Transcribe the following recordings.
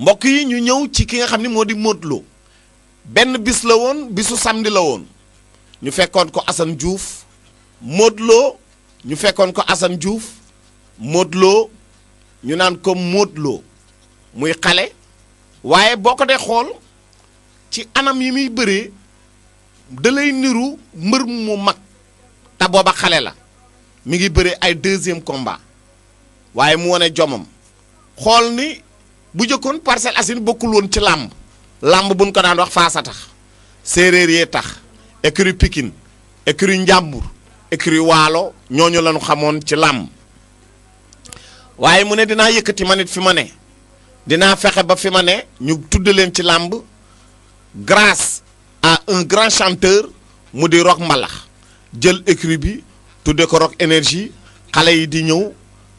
mbokk yi ñu ñëw ci ki nga xam ni moo di Modou benn bis la woon bisu samedi la woon ñu fekkoon ko Assane Diouf mootloo ñu fekkoon ko Assane Diouf Modou ñu naan ko Modou muy xale waaye boo ko dee xool ci anam yi muy bëree da lay niru mbër mu mag te booba xale la mu ngi bëri ay deuxième combat waaye mu wone jomam xool ni bu jëkkoon Parcelles Assainies bokkul woon ci làmb làmb buñ ko daan wax faasa tax séeréer yee tax écurie pikin écurie Njàmbur écurie Waalo ñoo ñooñu lañu xamoon ci làmb waaye mu ne dinaa yëkkati ma nit fi ma ne dinaa fexe ba fi ma ne ñu tudd leen ci làmb grace à un grand chanteur mu di rock mbalax jël écurie bi tudde ko rock énergie xale yi di ñëw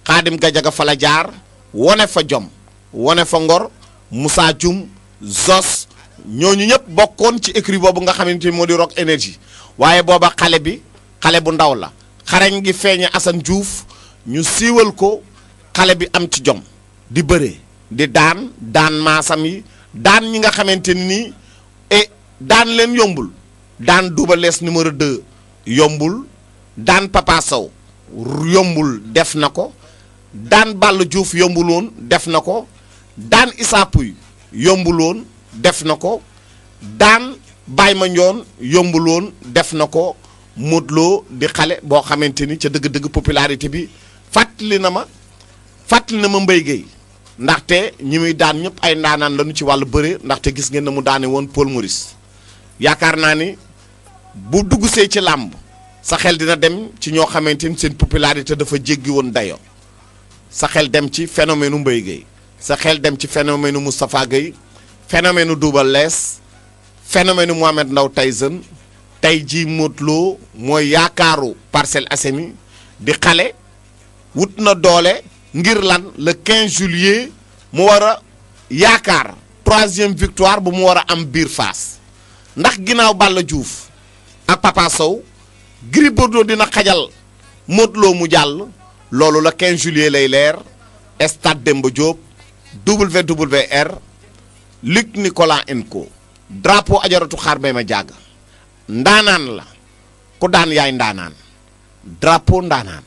xaadim gajaga fa la jaar wone fa jom wane fa ngor Moussa Dioum Zos ñooñu ñëpp bokkoon ci écrit boobu nga xamante ni moo di Rock Énergie waaye booba xale bi xale bu ndaw la xarañ gi feeñe Assane Diouf ñu siiwal ko xale bi am ci jom di bëree di daan daan maasam daan ñi nga xamante ni et daan leen yombul daan Double Less numéro 2 yombul daan Papa yombul def na ko daan Balla Diouf yombul woon def na ko daan Issa Pouye yombuloon def na ko daan ma Mandione yombuloon def na ko Modou di xale boo xamante ni ca dëgg-dëgg popularité bi fàttali na ma fàttali na ma Mbaye Guèye ndaxte ñi muy daan ñëpp ay ndaanaan lañu ci wàll bëre ndaxte gis ngeen na mu daane woon Paul Maurice yaakaar naa ni bu dugg see ci làmb sa xel dina dem ci ñoo xamante ni seen popularité dafa jéggi woon dayo sa xel dem ci phénomène Mbaye Guèye sa xel dem ci phénomène Moustapha Gueye phénomène Double Less phénomène Mohamed Ndao Tyson tey jii Modou Lo mooy yaakaaru Parcelles Assainies di xale wut na doole ngir lan le 15 juillet mu war a yaakaar troisième victoire bu mu war a am biir Fass ndax ginnaaw Balla Diouf ak Papa Sow Gris Bordeaux dina xajal Modou mu jàll loolu la 15 juillet lay leer stade Demba Diop WWR Luc Nicolas Enco drapeau ajaratu xaar bay ma jàgg ndaanaan la ku daan yaay drapeau ndaanaan